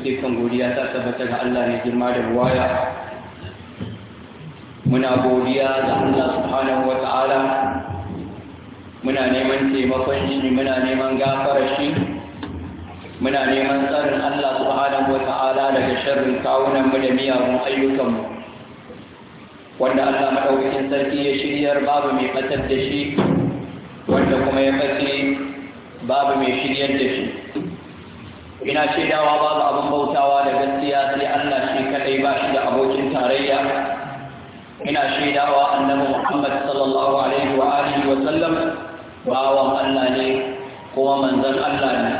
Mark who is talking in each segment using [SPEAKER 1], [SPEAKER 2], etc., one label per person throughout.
[SPEAKER 1] dukkan godiya ta tabbata ga Allah ne girma da ruwaya muna godiya ga Allah subhanahu wa ta'ala muna neman taimakon shi muna neman gafara shi muna neman tsarin Allah subhanahu wa ta'ala daga sharrin kawunan mu da miyagun ayyukanmu wanda Allah madaukakin sarki ya shiryar babu mai fatar da shi wanda kuma ya fashe babu mai shiryar da shi ina shaidawa babu abin bautawa da gaskiya sai Allah shi kadai ba shi da abokin tarayya ina shaidawa annabi Muhammad sallallahu alaihi wa alihi wa sallam bawan Allah ne kuma manzon Allah ne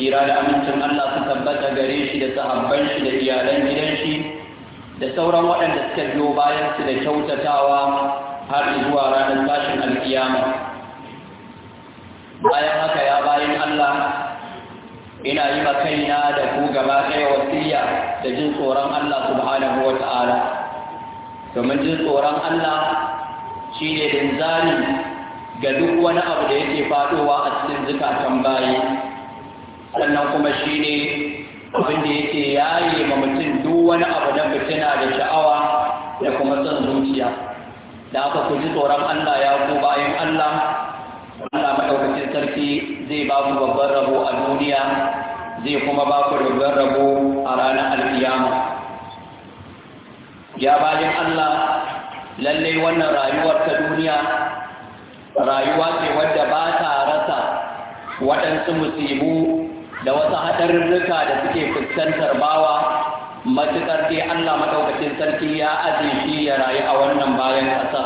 [SPEAKER 1] kira da amincin Allah su tabbata gare shi da sahabban shi da iyalan gidan shi da sauran waɗanda suka biyo bayan su da kyautatawa har zuwa ranar tashin alkiyama ina yi makaina da ku gaba ɗaya wasiya da jin tsoron Allah subhanahu wa ta'ala domin jin tsoron Allah shi ne linzami ga duk wani abu da yake faɗowa a cikin zukatan bayi sannan kuma shi ne abin da yake yaye ma mutum duk wani abu na fitina da sha'awa da kuma son zuciya da aka ku ji tsoron Allah ya ku bayan Allah Allah maɗaukacin sarki zai ba ku babban rabo a duniya zai kuma ba ku rubar rabo a ranar alƙiyama. ya bayan Allah lallai wannan rayuwar ta duniya rayuwa ce wadda ba ta rasa waɗansu musibu da wasu haɗarurruka da suke fuskantar bawa matuƙar dai Allah maɗaukacin sarki ya ajiye shi ya rayu a wannan bayan ƙasa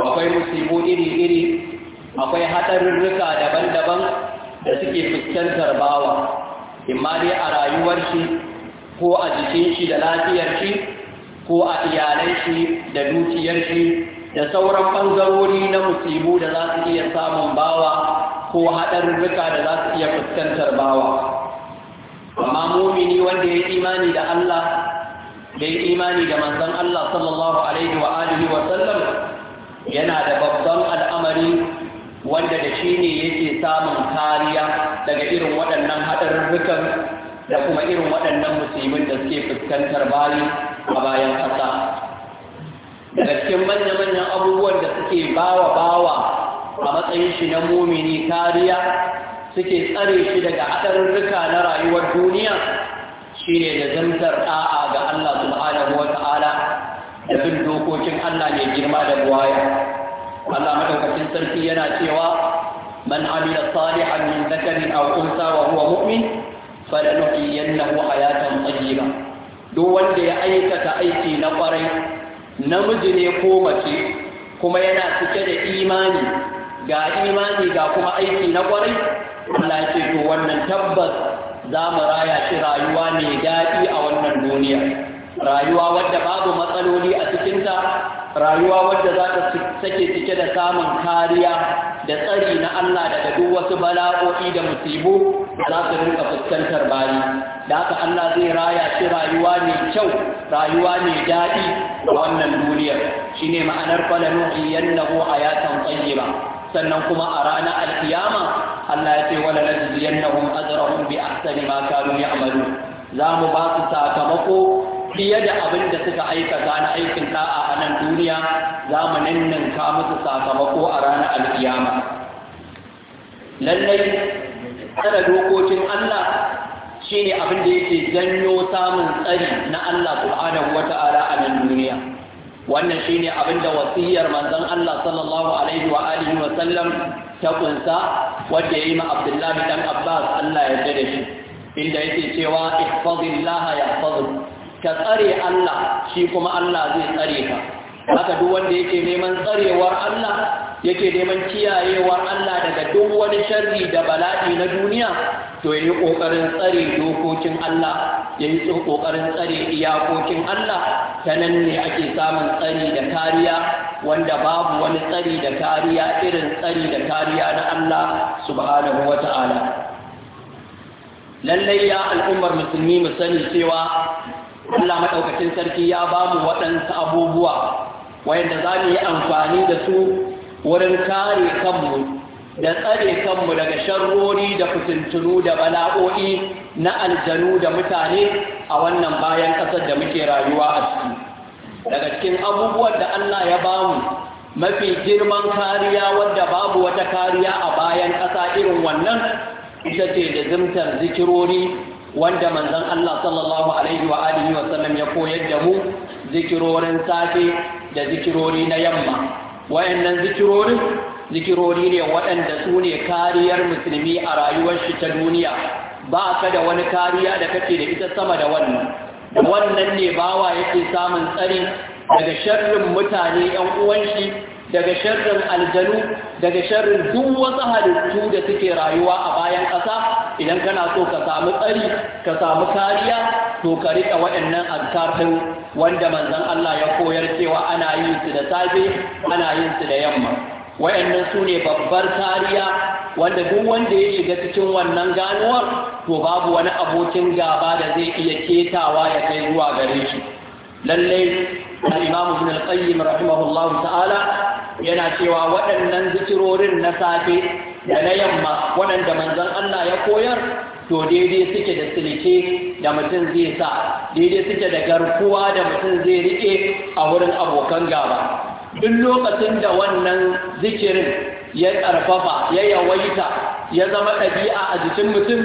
[SPEAKER 1] akwai musibu iri-iri akwai haɗarurruka daban-daban da suke fuskantar bawa imma dai a rayuwar shi ko a jikin shi da lafiyar shi ko a iyalan shi da dukiyar shi da sauran bangarori na musibu da za su iya samun bawa ko haɗarurruka da za su iya fuskantar bawa amma mumini wanda ya imani da Allah imani da manzon Allah sallallahu alaihi wa alihi wa sallam yana da babban al'amari wanda da shi ne yake samun kariya daga irin waɗannan haɗarurrukan da kuma irin waɗannan musulmin da suke fuskantar bari a bayan ƙasa daga cikin manya-manyan abubuwan da suke bawa bawa a matsayin shi na mumini kariya suke tsare shi daga haɗarurruka na rayuwar duniya shi ne da zantar ɗa'a ga Allah subhanahu wa ta'ala da bin dokokin Allah ne girma da buwaya Allah madaukakin sarki yana cewa عمل صالحا من ذكر أو أنثى وهو مؤمن فلنحيينه حياة طيبة duk wanda ya aikata aiki na kwarai namiji ne ko mace kuma yana cike da imani ga imani ga kuma aiki na kwarai Allah ce to wannan tabbas za mu raya shi rayuwa mai daɗi a wannan duniya rayuwa wadda babu matsaloli a cikinta rayuwa wadda za ta sake cike da samun kariya da tsari na Allah daga duk wasu bala'o'i da musibu da za su rinka fuskantar bayi da haka Allah zai raya shi rayuwa mai kyau rayuwa mai daɗi a wannan duniyar shine ma'anar falanuhi yannahu hayatan tayyiba sannan kuma a ranar alkiyama Allah ya ce wala najziyannahum ajrahum bi ahsani ma kanu ya'malu za mu ba su sakamako fiye da abin da suka aikata na aikin da'a a nan duniya za mu ninninka musu sakamako a ranar alkiyama lallai tsara dokokin Allah shi ne abin da yake janyo samun tsari na Allah subhanahu wa ta'ala a nan duniya wannan shi ne abin da wasiyar manzon Allah sallallahu alaihi wa alihi wa sallam ta kunsa wadda ya yi ma Abdullahi dan Abbas Allah ya da shi inda yake cewa ihfazillaha yahfazuk ka tsare Allah shi kuma Allah zai tsare ka haka duk wanda yake neman tsarewar Allah yake neman kiyayewar Allah daga duk wani sharri da bala'i na duniya to yayi kokarin tsare dokokin Allah yayi kokarin tsare iyakokin Allah sanan ne ake samun tsari da kariya wanda babu wani tsari da kariya irin tsari da kariya na Allah subhanahu wata'ala lallai ya al'ummar musulmi musani cewa Allah maɗaukacin sarki ya ba mu waɗansu abubuwa wayanda za mu yi amfani da su wurin kare kanmu da tsare kanmu daga sharrori da fitintunu da bala'o'i na aljanu da mutane a wannan bayan ƙasar da muke rayuwa a ciki daga cikin abubuwan da Allah ya ba mu mafi girman kariya wadda babu wata kariya a bayan ƙasa irin wannan ita ce da zimtar zikirori wanda manzon Allah sallallahu alaihi wa alihi wa sallam ya koyar da mu zikirorin safe da zikirori na yamma wayannan zikirori, zikirori ne waɗanda su ne kariyar musulmi a rayuwar shi ta duniya ba ka da wani kariya da kake da ita sama da wannan da wannan ne bawa yake samun tsari daga sharrin mutane 'yan uwan shi daga sharrin aljanu daga sharrin duk wasu halittu da suke rayuwa a bayan ƙasa idan kana so ka samu tsari ka samu kariya to ka riƙa waɗannan azkarfin wanda manzon Allah ya koyar cewa ana yin su da safe ana yin su da yamma waɗannan su ne babbar kariya wanda duk wanda ya shiga cikin wannan ganuwar to babu wani abokin gaba da zai iya ketawa ya kai zuwa gare shi lallai al-imamu ibn al-qayyim rahimahullahu ta'ala yana cewa waɗannan zikirorin na safe da na yamma waɗanda manzon Allah ya koyar to daidai suke da silke da mutum zai sa daidai suke da garkuwa da mutum zai rike a wurin abokan gaba duk lokacin da wannan zikirin ya ƙarfafa ya yawaita ya zama ɗabi'a a jikin mutum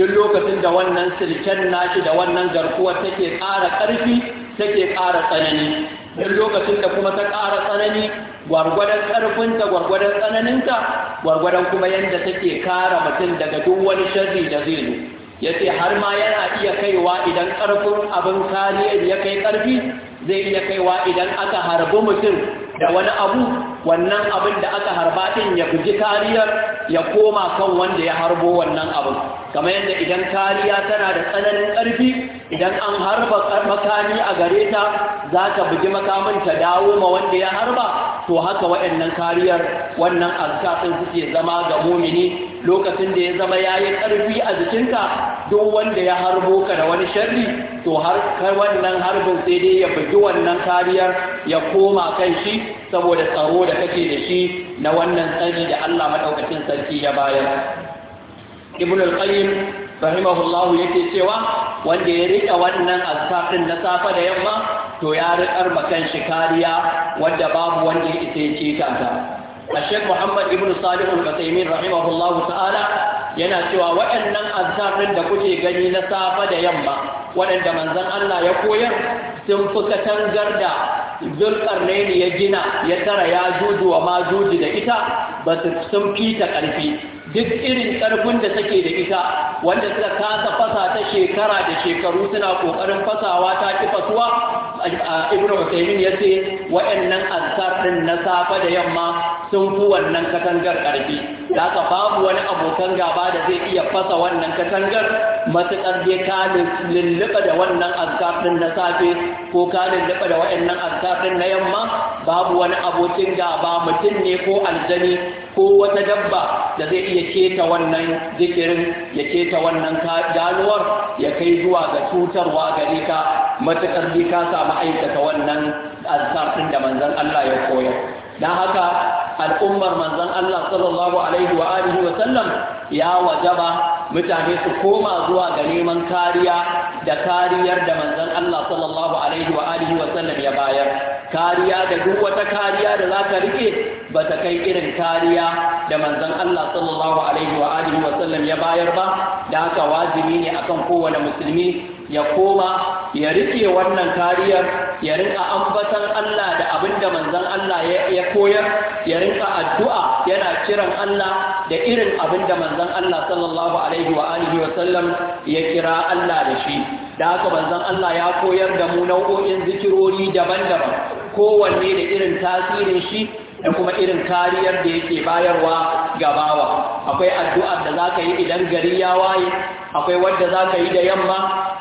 [SPEAKER 1] duk lokacin da wannan silken nashi da wannan garkuwa take ƙara ƙarfi take ƙara tsanani duk lokacin da kuma ta ƙara tsanani gwargwadon ƙarfinta gwargwadon tsananinta gwargwadon kuma yadda take kara mutum daga duk wani sharri da zai zo ya ce har ma yana iya kaiwa idan ƙarfin abin kariyar ya kai ƙarfi zai iya kaiwa idan aka harbi mutum da wani abu wannan abin da aka harba ɗin ya guji kariyar ya koma kan wanda ya harbo wannan abin kamar yadda idan kariya tana da tsananin ƙarfi idan an harba makami a gare ta za ka bugi makamin ta dawo ma wanda ya harba to haka waɗannan kariyar wannan azkafin suke zama ga mumini lokacin da ya zama ya yi ƙarfi a jikinka duk wanda ya harbo ka da wani sharri to har wannan harbin sai dai ya bugi wannan kariyar ya koma kan shi saboda tsaro da kake da shi na wannan tsari da Allah maɗaukacin sarki ya bayar ibn al-qayyim rahimahullahu yake cewa wanda ya rika wannan azkar din na safa da yamma to ya rikar makan shi kariya wanda babu wanda ya isa ya ce shek Muhammad Ibn Salih Al-Qasaimin rahimahullahu ta'ala yana cewa waɗannan azkarin da kuke gani na safa da yamma waɗanda manzon Allah ya koyar sun fi katangar da zulkarnaini ya gina ya tara ya juju wa ma juji da ita ba su sun fita ƙarfi duk irin ƙarfin da take da ita wanda suka kasa fasa ta shekara da shekaru suna ƙoƙarin fasawa ta ƙi fasuwa ibn Usaimin ya ce waɗannan azkar din na safe da yamma sun fi wannan katangar ƙarfi za ka babu wani abokan gaba da zai iya fasa wannan katangar matuƙar dai ka lulluɓa da wannan azkafin na safe ko ka lulluɓa da waɗannan azkafin na yamma babu wani abokin gaba mutum ne ko aljani ko wata dabba da zai iya keta wannan zikirin ya keta wannan ganuwar ya kai zuwa ga cutarwa gare ka matuƙar dai ka samu aikata wannan azkafin da manzon Allah ya koyar dan haka al'ummar manzon Allah sallallahu alaihi wa alihi wa sallam ya wajaba mutane su koma zuwa ga neman kariya da kariyar da manzon Allah sallallahu alaihi wa alihi ya bayar kariya da duk wata kariya da ka rike ba ta kai irin kariya da manzan Allah sallallahu alaihi wa alihi ya bayar ba da haka wajibi ne akan kowane musulmi ya koma ya riƙe wannan kariyar ya rinka ambatan Allah da abin da manzon Allah ya koyar ya rinka addu'a yana kiran Allah da irin abin da manzon Allah sallallahu alaihi wa alihi wa sallam ya kira Allah da shi da haka manzon Allah ya koyar da mu nau'o'in zikirori daban-daban kowanne da irin tasirin shi da kuma irin kariyar da yake bayarwa ga bawa akwai addu'ar da zaka yi idan gari ya waye akwai wanda zaka yi da yamma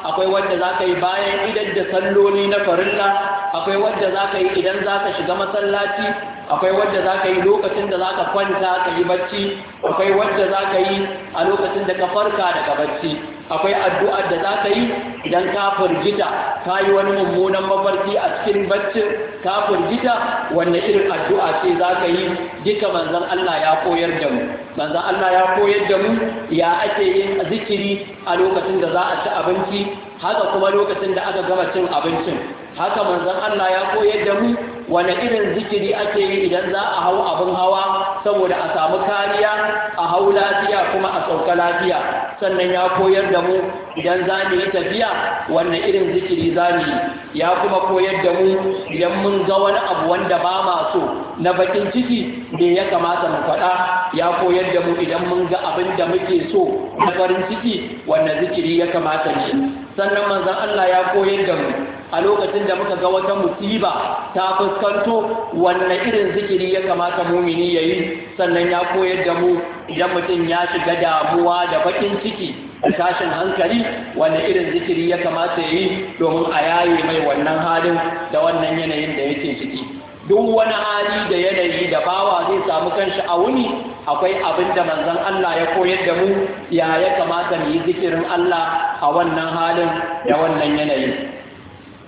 [SPEAKER 1] akwai wanda zaka yi bayan idan da salloli na farilla akwai wanda zaka yi idan zaka shiga masallaci akwai wanda zaka yi lokacin da zaka kwanta ka yi bacci akwai wanda zaka yi a lokacin da ka farka daga bacci akwai addu'ar da zaka yi idan ka firgita ka wani mummunan mafarki cikin bacci ka firgita wanne irin addu'a ce za ka yi duka manzon Allah ya koyar da mu manzan Allah ya koyar da mu ya ake yin zikiri a lokacin da za a ci abinci haka kuma lokacin da aka gama cin abincin haka manzon Allah ya koyar da mu wani irin zikiri ake yi idan za a hau abin hawa saboda a samu kariya a hau lafiya kuma a sauka lafiya sannan ya koyar da mu idan za mu yi tafiya wani irin zikiri za mu yi ya kuma koyar da mu idan mun ga wani abu wanda ba ma so na bakin ciki da ya kamata mu faɗa ya koyar da mu idan mun ga abin da muke so na farin ciki wannan zikiri ya kamata ne sannan manzon Allah ya koyar da mu a lokacin da muka ga wata musiba ta fuskanto wanne irin zikiri ya kamata mumini ya yi sannan ya koyar da mu idan mutum ya shiga damuwa da bakin ciki da tashin hankali wanne irin zikiri ya kamata ya yi domin a yaye mai wannan halin da wannan yanayin da yake ciki duk wani hali da yanayi da bawa zai samu kanshi a wuni akwai abin da manzon Allah ya koyar da mu ya ya kamata mu yi zikirin Allah a wannan halin da wannan yanayi.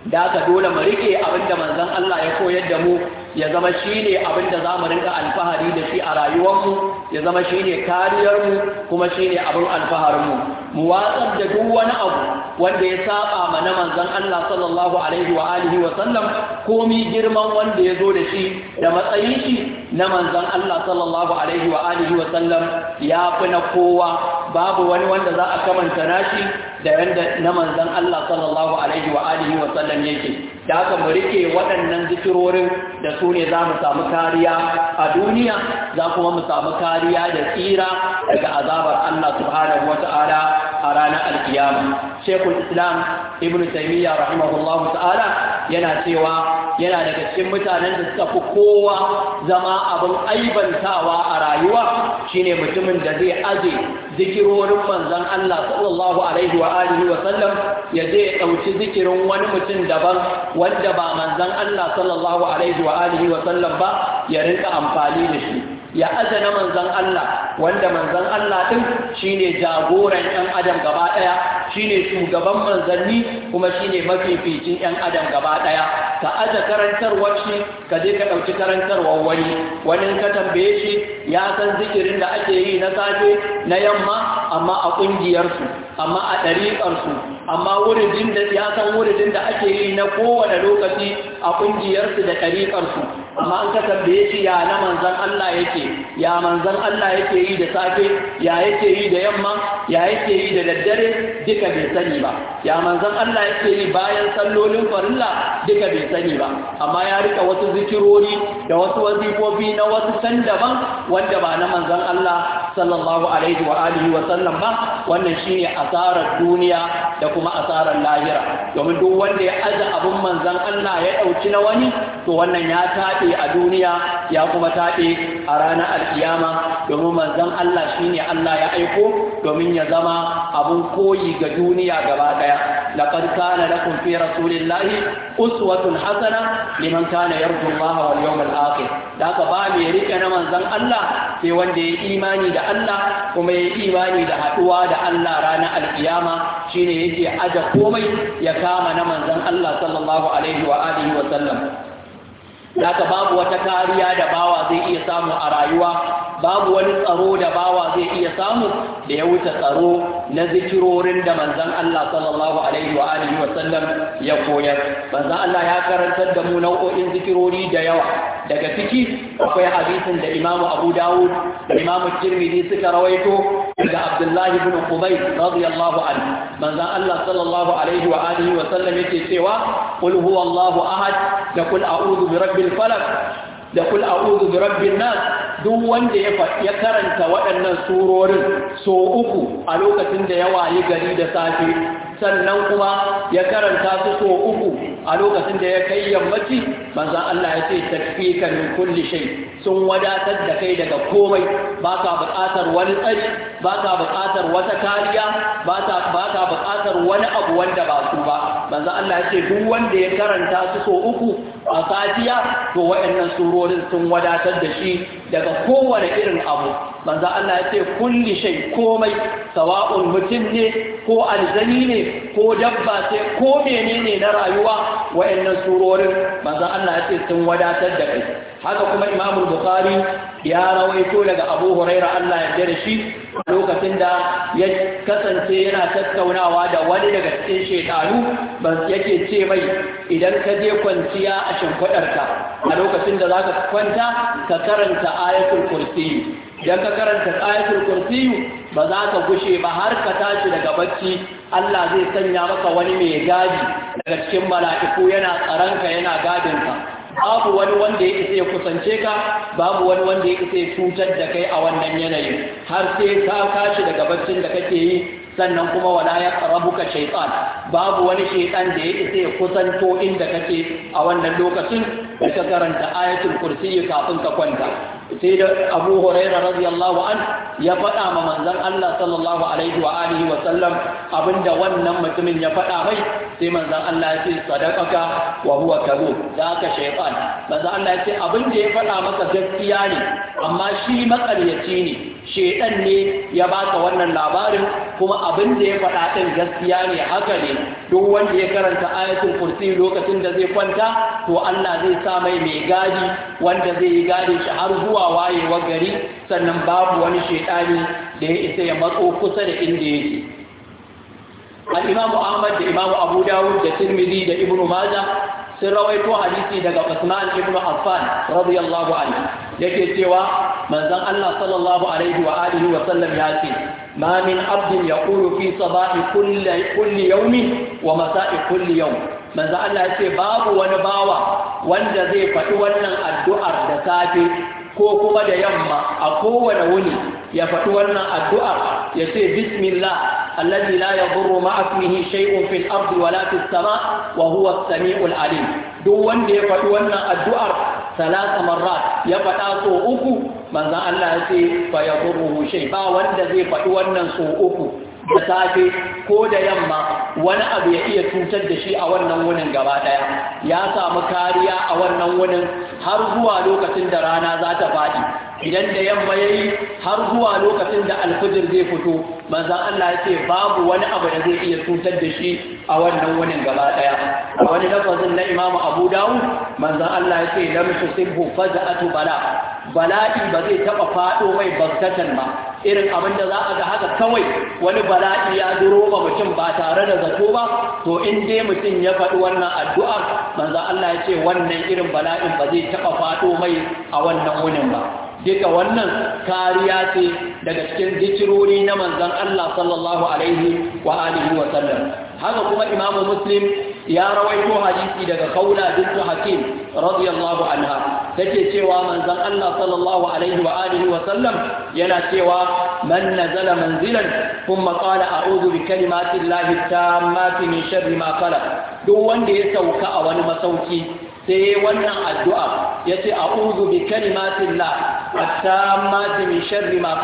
[SPEAKER 1] da aka dole mu rike abinda manzon Allah ya koyar da mu ya zama shine abinda za mu rinka alfahari da shi a rayuwarmu ya zama shine kariyarmu kuma shine abin alfaharinmu mu watsar da duk wani abu wanda ya saba ma na manzon Allah sallallahu alaihi wa alihi wa sallam komi girman wanda ya zo da shi da matsayin shi na manzan Allah sallallahu alaihi wa alihi wa sallam ya fi na kowa babu wani wanda za a kamanta nashi da yanda na manzan Allah sallallahu alaihi wa alihi wa sallam yake da haka mu rike waɗannan zikirorin da su ne za mu samu kariya a duniya za kuma mu samu kariya da tsira daga azabar Allah subhanahu wa ta'ala a ranar alkiyama shekul islam ibnu taymiya rahimahullahu ta'ala yana cewa yana daga cikin mutanen da suka fi kowa zama abin aibantawa a rayuwa shine mutumin da zai aje zikirorin manzon Allah sallallahu alaihi wa alihi wa sallam ya ya dauki zikirin wani mutum daban wanda ba manzon Allah sallallahu alaihi wa alihi wa sallam ba ya rinka amfani da shi ya aje na manzon Allah wanda manzon Allah din shine jagoran ɗan adam gaba ɗaya shine shugaban manzanni kuma shine mafificin yan adam gaba ɗaya. ka aza karantarwar shi ka je ka ɗauki karantarwar wani wani ka tambaye shi ya san zikirin da ake yi na safe na yamma amma a ƙungiyarsu, amma a ɗariƙarsu, amma wuridin da ya san wuridin da ake yi na kowane lokaci a ƙungiyarsu da ɗariƙarsu. amma an ka tambaye shi ya na manzan Allah yake ya manzan Allah yake yi da safe ya yake yi da yamma ya yake yi da daddare duk duka bai sani ba ya manzon Allah yake yi bayan sallolin farilla duka bai sani ba amma ya rika wasu zikirori da wasu wazifofi na wasu can daban wanda ba na manzon Allah sallallahu alaihi wa alihi wa sallam ba wannan shine asarar duniya da kuma asarar lahira domin duk wanda ya aza abun manzon Allah ya dauki na wani to wannan ya tade a duniya ya kuma tade a ranar alkiyama domin manzon Allah shine Allah ya aiko domin ya zama abun koyi ga duniya gaba daya laqad kana lakum fi rasulillahi uswatun hasana liman kana yarju Allah wal yawmal da ka ba mai riƙe na manzan Allah sai wanda ya imani da Allah kuma ya imani da haɗuwa da Allah ranar alkiyama shine yake aja komai ya kama na manzon Allah sallallahu alaihi wa alihi wa sallam haka babu wata kariya da bawa zai iya samu a rayuwa babu wani tsaro da bawa zai iya samu da ya wuce tsaro na zikirorin da manzon Allah sallallahu alaihi wa alihi wa sallam ya koyar manzon Allah ya karantar da mu nau'o'in zikirori da yawa daga ciki akwai hadisin da Imam Abu Dawud da Imam Tirmidhi suka rawaito daga Abdullah ibn Qubayr radiyallahu anhu manzon Allah sallallahu alaihi wa alihi wa sallam yake cewa qul huwallahu ahad da qul a'udhu birabbil falaq da kul a'udhu bi rabbin nas duk wanda ya ya karanta waɗannan surorin so uku a lokacin da ya wayi gari da safe sannan kuma ya karanta su so uku a lokacin da ya kai yammaci manzon Allah ya ce takfika min kulli sun wadatar da kai daga komai ba ka buƙatar wani tsari ba ka buƙatar wata kariya ba ka buƙatar wani abu wanda ba su ba manzon Allah ya ce duk wanda ya karanta su so uku a safiya to waɗannan surorin sun wadatar da shi daga kowane irin abu manzo Allah ya ce kulli shay komai sawa'un mutum ne ko aljani ne ko dabba ce ko menene na rayuwa wayannan surorin manzon Allah ya ce sun wadatar da kai haka kuma Imam Bukhari ya rawaito daga Abu Huraira Allah ya jira shi lokacin da ya kasance yana tattaunawa da wani daga cikin shekaru yake ce mai idan ka je kwanciya a shimfiɗarka a lokacin da zaka kwanta ka karanta ayatul kursi idan ka karanta ayatul kursi ba za ka gushe ba har ka tashi daga bacci Allah zai sanya maka wani mai gadi daga cikin mala'iku yana tsaranka yana gadinka babu wani wanda ya isa ya kusance ka babu wani wanda ya isa ya cutar da kai a wannan yanayin har sai ka kashi daga baccin da kake yi sannan kuma wala ya ka shaytan babu wani shaytan da ya isa ya kusanto inda kake a wannan lokacin Bai ka karanta ayatul kursi kafin ka kwanta sai da Abu Huraira radiyallahu an ya faɗa ma manzan Allah sallallahu alaihi wa alihi wa sallam abinda wannan mutumin ya faɗa mai sai manzan Allah ya ce sadaqaka wa huwa kadhub da ka shaytan manzon Allah ya ce abinda ya faɗa maka gaskiya ne amma shi makaryaci ne shedan ne ya baka wannan labarin kuma abin da ya faɗa ɗin gaskiya ne haka ne duk wanda ya karanta ayatul kursi lokacin da zai kwanta to Allah zai sa mai mai gadi wanda zai yi gadi shi har zuwa wayewar gari sannan babu wani shedani da ya isa ya matso kusa da inda yake al-imamu Ahmad da imamu Abu Dawud da Tirmidhi da Ibn Majah sun rawaito hadisi daga Usman ibn Affan radiyallahu anhu yake cewa manzon Allah sallallahu alaihi wa alihi wa sallam ya ce ma min abdin yaqulu fi sabahi kulli kulli yawmin wa masa'i kulli yawm manzon Allah ya ce babu wani bawa wanda zai faɗi wannan addu'ar da safe ko kuma da yamma a kowane wuni ya faɗi wannan addu’ar ya ce bismillah allazi la ya buru ma'afinihi shay'un fil ardi wa la fis sama wa huwa as-sami'ul alim duk wanda ya faɗi wannan addu’ar salasa marra ya faɗa so uku manzon Allah ya ce fa ya buru shay ba wanda zai faɗi wannan so uku da safe ko da yamma wani abu ya iya cutar da shi a wannan wunin gaba daya ya samu kariya a wannan wunin har zuwa lokacin da rana za ta faɗi idan da yamma yayi har zuwa lokacin da alfijir zai fito manzan Allah yace babu wani abu da zai iya cutar da shi a wannan wunin gaba daya a wani lafazin na Imam Abu Dawud manzon Allah yace lam tusibhu faza'atu bala bala'i ba zai taba fado mai baktatan ba irin abin da za a ga haka kawai wani bala'i ya duro ba mutum ba tare da zato ba to in dai mutum ya faɗi wannan addu'ar manzon Allah yace wannan irin bala'in ba zai taba fado mai a wannan wunin ba duka wannan kariya ce daga cikin zikirori na manzon Allah sallallahu alaihi wa alihi wa sallam haka kuma Imam Muslim ya rawaito hadisi daga Khawla bint Hakim radiyallahu anha take cewa manzon Allah sallallahu alaihi wa alihi wa sallam yana cewa man nazala manzilan kuma qala a'udhu bi kalimati tammati min sharri ma khalaq duk wanda ya sauka a wani masauki sai wannan addu'a yace a'udhu bi kalimatillah at-tammati min sharri ma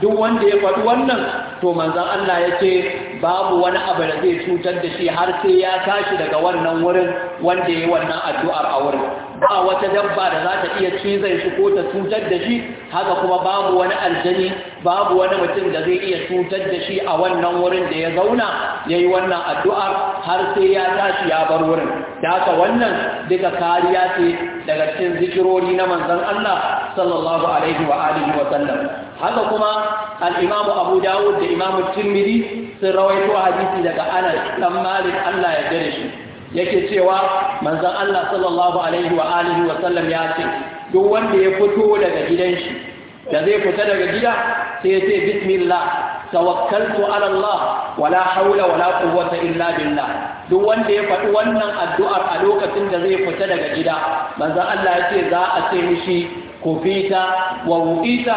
[SPEAKER 1] duk wanda ya faɗi wannan to manzon Allah yace babu wani abu da zai cutar da shi har sai ya tashi daga wannan wurin wanda ya wannan addu'ar a wurin ba wata dabba da za ta iya cizon shi ko ta cutar da shi haka kuma babu wani aljani babu wani mutum da zai iya cutar da shi a wannan wurin da ya zauna yayi wannan addu'ar har sai ya tashi ya bar wurin da wannan duka kariya ce daga cikin zikirori na manzon Allah sallallahu alaihi wa alihi wa sallam haka kuma al imamu Abu Dawud da Imam Tirmidhi sun rawaito hadisi daga Anas dan Malik Allah ya gare shi yake cewa manzon Allah sallallahu alaihi wa alihi wa sallam ya ce duk wanda ya fito daga gidan shi da zai fita daga gida sai ya ce bismillah tawakkaltu ala Allah wala haula wala quwwata illa billah duk wanda ya faɗi wannan addu'ar a lokacin da zai fita daga gida manzon Allah yake za a ce mishi كفيت ووئيت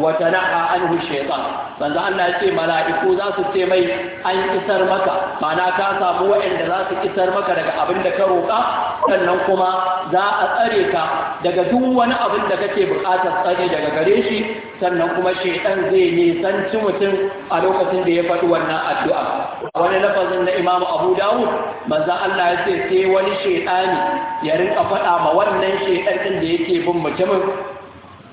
[SPEAKER 1] وتنحى عنه الشيطان manzo Allah ya ce mala'iku za su ce mai an isar maka mana ka samu waɗanda za su isar maka daga abin da ka roƙa sannan kuma za a tsare ka daga duk wani abin da kake buƙatar tsare daga gare shi sannan kuma shaitan zai nisanci mutum a lokacin da ya faɗi wannan addu'a wani lafazin na Imam Abu Dawud manzo Allah ya ce sai wani ne ya rinka faɗa ma wannan shaitan din da yake bin mutumin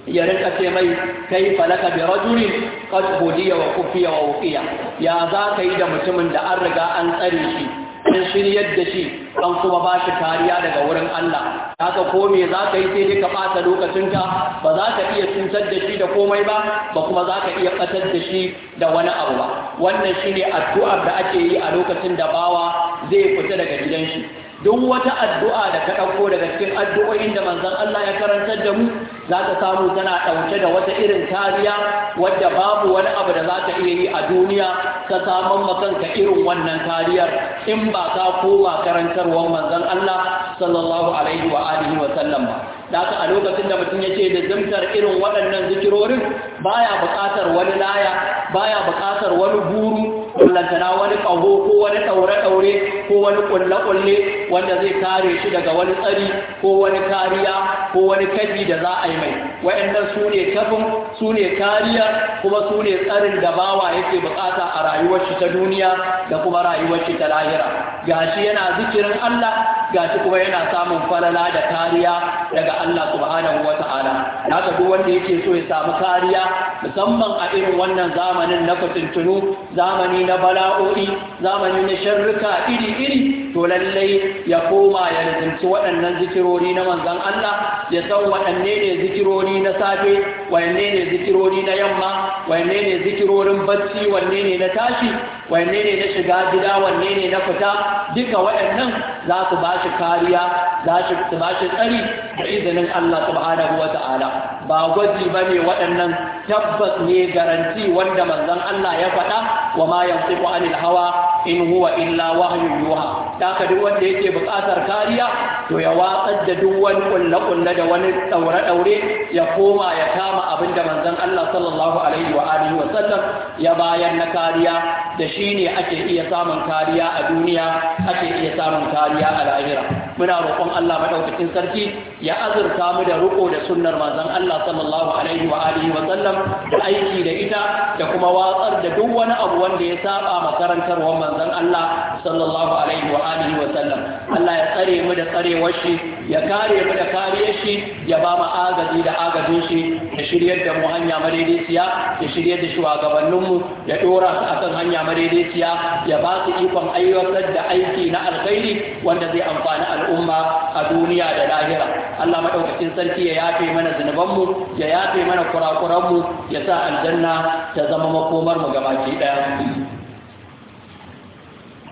[SPEAKER 1] ya rinka ce mai kai falaka bi rajulin qad hudiya wa kufiya wa uqiya ya za ka yi da mutumin da an riga an tsare shi an shiryar da shi an kuma ba shi kariya daga wurin Allah haka ko me za ka yi sai dai ka ɓata lokacinka ba za ka iya cutar da shi da komai ba ba kuma za ka iya ɓatar da shi da wani abu ba wannan shine addu'ar da ake yi a lokacin da bawa zai fita daga gidan shi duk wata addu'a da ka ɗauko daga cikin addu'o'in da manzon Allah ya karantar da mu za ta samu tana ɗauke da wata irin kariya wadda babu wani abu da za ta iya yi a duniya ka samun makanka irin wannan kariyar in ba ka koma karantarwar manzan Allah sallallahu alaihi wa alihi wa sallam ba da ka a lokacin da mutum ya ce da zimtar irin waɗannan zikirorin baya buƙatar wani laya baya buƙatar wani buru. kullantana wani ƙaho ko wani ɗaure-ɗaure ko wani ƙulle-ƙulle wanda zai kare shi daga wani tsari ko wani kariya ko wani kafi da za a yi mai wa'annan su ne kafin su ne kariya kuma su ne tsarin da bawa yake bukata a rayuwar ta duniya da kuma rayuwar ta lahira gashi yana zikirin Allah gashi kuma yana samun falala da kariya daga Allah subhanahu wata'ala haka duk wanda yake so ya samu kariya musamman a irin wannan zamanin na fitintunu zamani na bala'o'i zamani na sharruka iri-iri to lallai ya koma ya nufinci waɗannan zikirori na manzan Allah ya san waɗanne ne zikirori na safe waɗanne ne zikirori na yamma waɗanne ne zikirorin bacci wanne ne na tashi wanne ne na shiga gida wanne ne na fita duka waɗannan za su ba shi kariya za su ba shi tsari da izinin Allah subhanahu wa ta'ala ba gwaji ba ne waɗannan tabbas ne garanti wanda manzon Allah ya faɗa wa ma yantiqu anil hawa in huwa illa wahyun yuha ka duk wanda yake buƙatar kariya to ya watsar da duk wani kulle-kulle da wani daure-daure ya koma ya kama abinda manzon Allah sallallahu alaihi wa alihi wa sallam ya bayan na kariya da shi ne ake iya samun kariya a duniya ake iya samun kariya a lahira muna roƙon Allah madaukakin sarki ya azurta mu da riƙo da sunnar manzon Allah sallallahu alaihi wa alihi wa sallam da aiki da ita da kuma watsar da duk wani abu wanda ya saba makarantarwar manzon Allah sallallahu alaihi wa alihi wa sallam Allah ya tsare mu da tsarewar shi ya kare mu da kariyar shi ya ba mu agaji da agajin shi ya shiryar da mu hanya madaidaiciya ya shiryar da shugabanninmu ya dora su akan hanya hanya madaidaiciya ya ba su ikon aiwatar da aiki na alkhairi wanda zai amfani al'umma a duniya da lahira Allah madaukakin sarki ya yafe mana zunubanmu ya yafe mana kurakuranmu ya sa aljanna ta zama makomar mu gabaki daya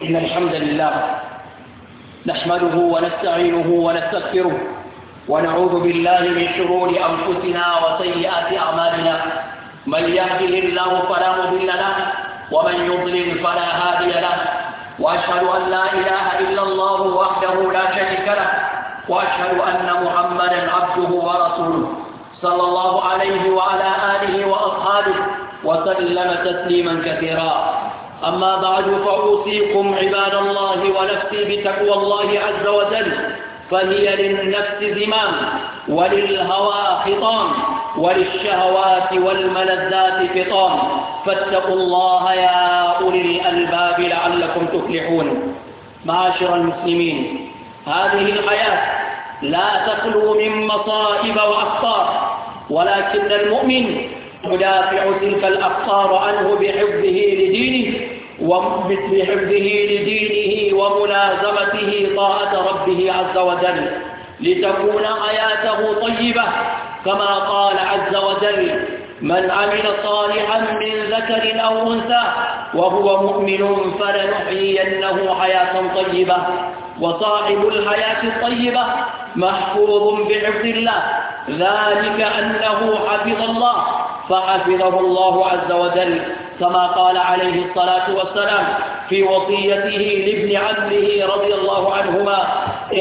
[SPEAKER 1] إن الحمد لله نحمده ونستعينه ونستغفره ونعوذ بالله من شرور أنفسنا وسيئات أعمالنا من يهده الله فلا مضل له ومن يضلل فلا هادي له وأشهد أن لا إله إلا الله وحده لا شريك له وأشهد أن محمدا عبده ورسوله صلى الله عليه وعلى آله وأصحابه وسلم تسليما كثيرا أما بعد فأوصيكم عباد الله ونفسي بتقوى الله عز وجل فهي للنفس زمام وللهوى خطام وللشهوات والملذات فطام فاتقوا الله يا أولي الألباب لعلكم تفلحون معاشر المسلمين هذه الحياة لا تخلو من مصائب وأخطار ولكن المؤمن مدافع تلك الأبصار عنه بحفظه لدينه ومثل حفظه لدينه وملازمته طاعة ربه عز وجل لتكون حياته طيبة كما قال عز وجل من عمل صالحا من ذكر أو أنثى وهو مؤمن فلنحيينه حياة طيبة وصاحب الحياة الطيبة محفوظ بحفظ الله ذلك أنه حفظ الله فحفظه الله عز وجل كما قال عليه الصلاة والسلام في وصيته لابن عمه رضي الله عنهما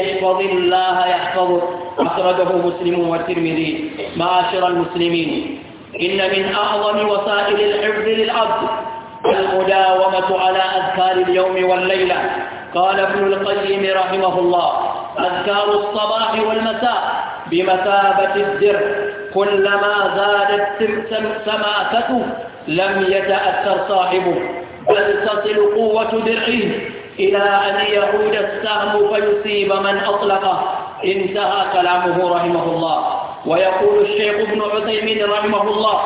[SPEAKER 1] احفظ الله يحفظك أخرجه مسلم والترمذي معاشر المسلمين إن من أعظم وسائل الحفظ للعبد المداومة على أذكار اليوم والليلة قال ابن القيم رحمه الله أذكار الصباح والمساء بمثابة الدرع كلما زادت سماكته لم يتأثر صاحبه بل تصل قوة درعه إلى أن يعود السهم فيصيب من أطلقه انتهى كلامه رحمه الله ويقول الشيخ ابن عثيمين رحمه الله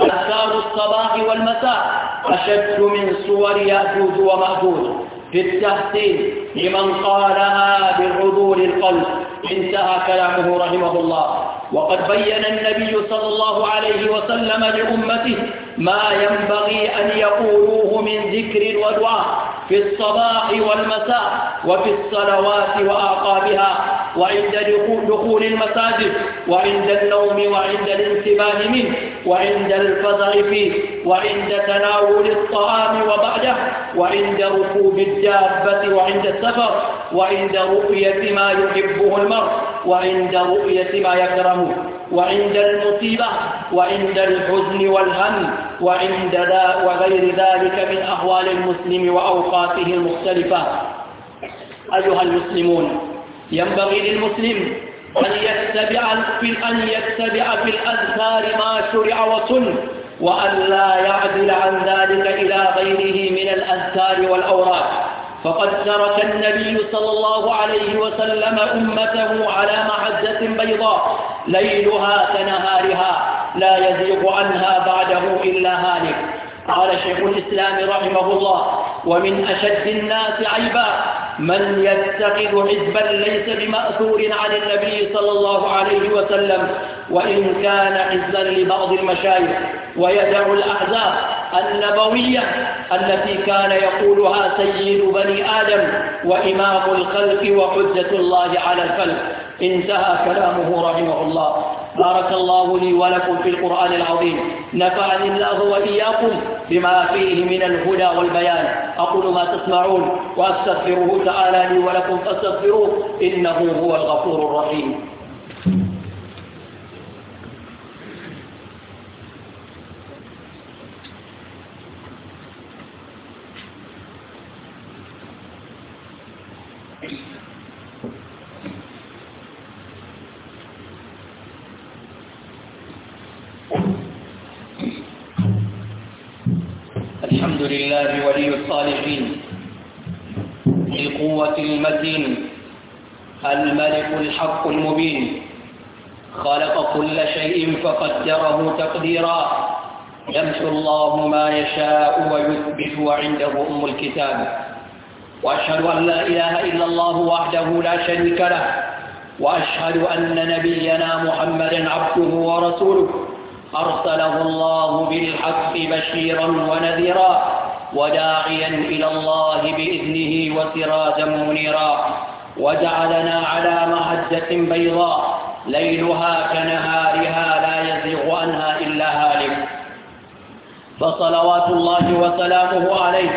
[SPEAKER 1] أذكار الصباح والمساء أشد من صور يأجوج ومأجوج في التحسين لمن قالها بعدول القلب انتهى كلامه رحمه الله وقد بين النبي صلى الله عليه وسلم لأمته ما ينبغي أن يقولوه من ذكر ودعاء في الصباح والمساء وفي الصلوات وأعقابها وعند دخول المساجد وعند النوم وعند الانتباه منه وعند الفزع فيه وعند تناول الطعام وبعده وعند ركوب الدابة وعند السفر وعند رؤية ما يحبه المرء وعند رؤية ما يكرهه وعند المصيبة وعند الحزن والهم وعند ذا وغير ذلك من أحوال المسلم وأوقاته المختلفة أيها المسلمون ينبغي للمسلم أن يتبع في أن يتبع في الأذكار ما شرع وسن وأن لا يعدل عن ذلك إلى غيره من الأذكار والأوراق فقد ترك النبي صلى الله عليه وسلم أمته على معزة بيضاء ليلها كنهارها لا يزيغ عنها بعده إلا هالك قال شيخ الإسلام رحمه الله ومن أشد الناس عيبا من يتخذ حزبا ليس بمأثور عن النبي صلى الله عليه وسلم وإن كان حزبا لبعض المشايخ ويدع الأحزاب النبوية التي كان يقولها سيد بني آدم وإمام الخلق وحجة الله على الخلق انتهى كلامه رحمه الله بارك الله لي ولكم في القرآن العظيم نفعني الله وإياكم بما فيه من الهدى والبيان أقول ما تسمعون وأستغفره تعالى لي ولكم فاستغفروه إنه هو الغفور الرحيم Thank you. الله ولي الصالحين ذي القوة المتين الملك الحق المبين خلق كل شيء فقدره تقديرا يمحو الله ما يشاء ويثبت وعنده أم الكتاب وأشهد أن لا إله إلا الله وحده لا شريك له وأشهد أن نبينا محمدا عبده ورسوله أرسله الله بالحق بشيرا ونذيرا وداعيا إلى الله بإذنه وسراجا منيرا وجعلنا على محجة بيضاء ليلها كنهارها لا يزيغ عنها إلا هالك فصلوات الله وسلامه عليه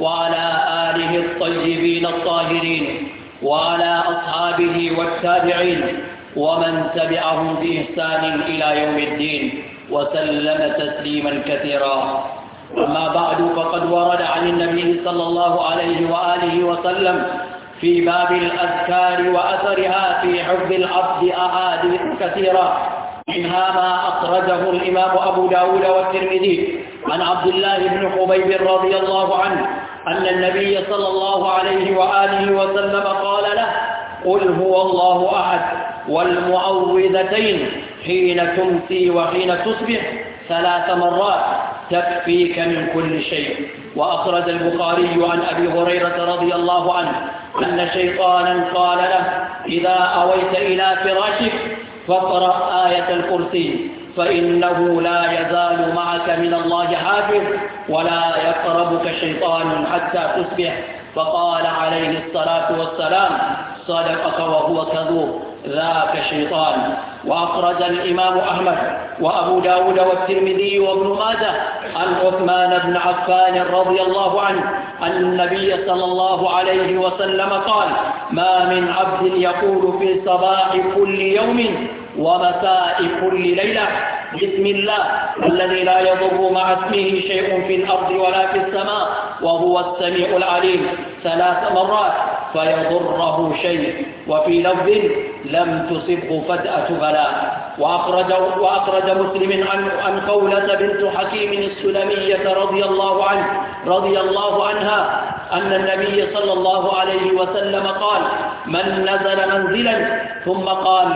[SPEAKER 1] وعلى آله الطيبين الطاهرين وعلى أصحابه والتابعين ومن تبعهم بإحسان إلى يوم الدين وسلم تسليما كثيرا أما بعد فقد ورد عن النبي صلى الله عليه وآله وسلم في باب الأذكار وأثرها في حفظ العبد أحاديث كثيرة منها ما أخرجه الإمام أبو داود والترمذي عن عبد الله بن حبيب رضي الله عنه أن النبي صلى الله عليه وآله وسلم قال له قل هو الله أحد والمعوذتين حين تمسي وحين تصبح ثلاث مرات تكفيك من كل شيء وأخرج البخاري عن أبي هريرة رضي الله عنه أن شيطانا قال له إذا أويت إلى فراشك فاقرأ آية الكرسي فإنه لا يزال معك من الله حافظ ولا يقربك شيطان حتى تصبح فقال عليه الصلاة والسلام صدقك وهو كذوب ذاك شيطان وأخرج الإمام أحمد وأبو داود والترمذي وابن ماجه عن عثمان بن عفان رضي الله عنه أن النبي صلى الله عليه وسلم قال ما من عبد يقول في صباح كل يوم ومساء كل ليلة بسم الله الذي لا يضر مع اسمه شيء في الأرض ولا في السماء وهو السميع العليم ثلاث مرات فيضره شيء وفي لفظ لم تصبه فتأة غلاء وأخرج, وأخرج مسلم عن, عن قولة بنت حكيم السلمية رضي الله عنه رضي الله عنها أن النبي صلى الله عليه وسلم قال من نزل منزلا ثم قال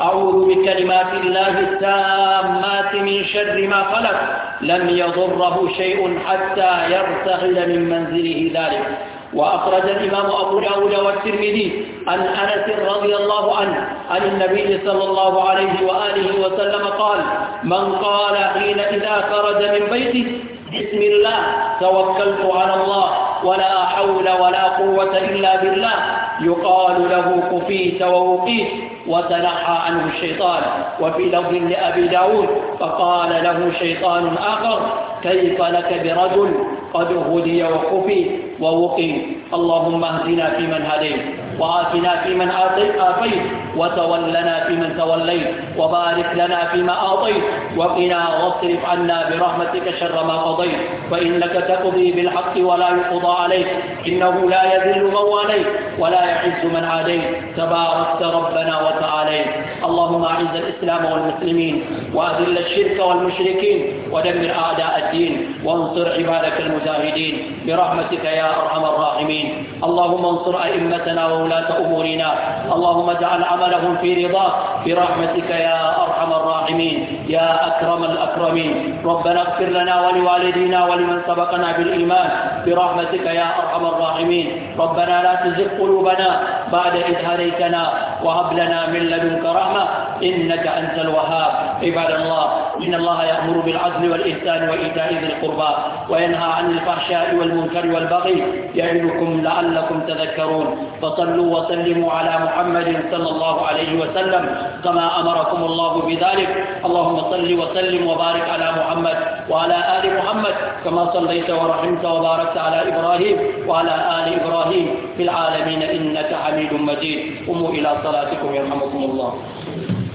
[SPEAKER 1] أعوذ بكلمات الله التامات من شر ما خلق لم يضره شيء حتى يرتغل من منزله ذلك وأخرج الإمام أبو داود والترمذي عن أنس رضي الله عنه عن النبي صلى الله عليه وآله وسلم قال من قال حين إذا خرج من بيته بسم الله توكلت على الله ولا حول ولا قوة إلا بالله يقال له كفيت ووقيت وتنحى عنه الشيطان وفي لفظ لأبي داود فقال له شيطان آخر كيف لك برجل قد هدي وقفي ووقي اللهم اهدنا فيمن هديت وآتنا فيمن آتيت آتيت وتولنا فيمن توليت وبارك لنا فيما أعطيت وقنا واصرف عنا برحمتك شر ما قضيت فإنك تقضي بالحق ولا يقضى عليك إنه لا يذل من واليت ولا يعز من عاديت تباركت ربنا وتعاليت اللهم أعز الإسلام والمسلمين وأذل الشرك والمشركين ودمر أعداء الدين وانصر عبادك المجاهدين برحمتك يا أرحم الراحمين اللهم انصر أئمتنا وولاة ولاة أمورنا اللهم اجعل عملهم في رضاك برحمتك يا أرحم الراحمين يا أكرم الأكرمين ربنا اغفر لنا ولوالدينا ولمن سبقنا بالإيمان برحمتك يا أرحم الراحمين ربنا لا تزغ قلوبنا بعد إذ هديتنا وهب لنا من لدنك رحمة إنك أنت الوهاب عباد الله إن الله يأمر بالعدل والإحسان وإيتاء ذي القربى وينهى عن الفحشاء والمنكر والبغي يعظكم لعلكم تذكرون فصلوا وسلموا على محمد صلى الله عليه وسلم كما أمركم الله بذلك اللهم صل وسلم وبارك على محمد وعلى آل محمد كما صليت ورحمت وباركت على إبراهيم وعلى آل إبراهيم في العالمين إنك حميد مجيد قوموا إلى صلاتكم يرحمكم الله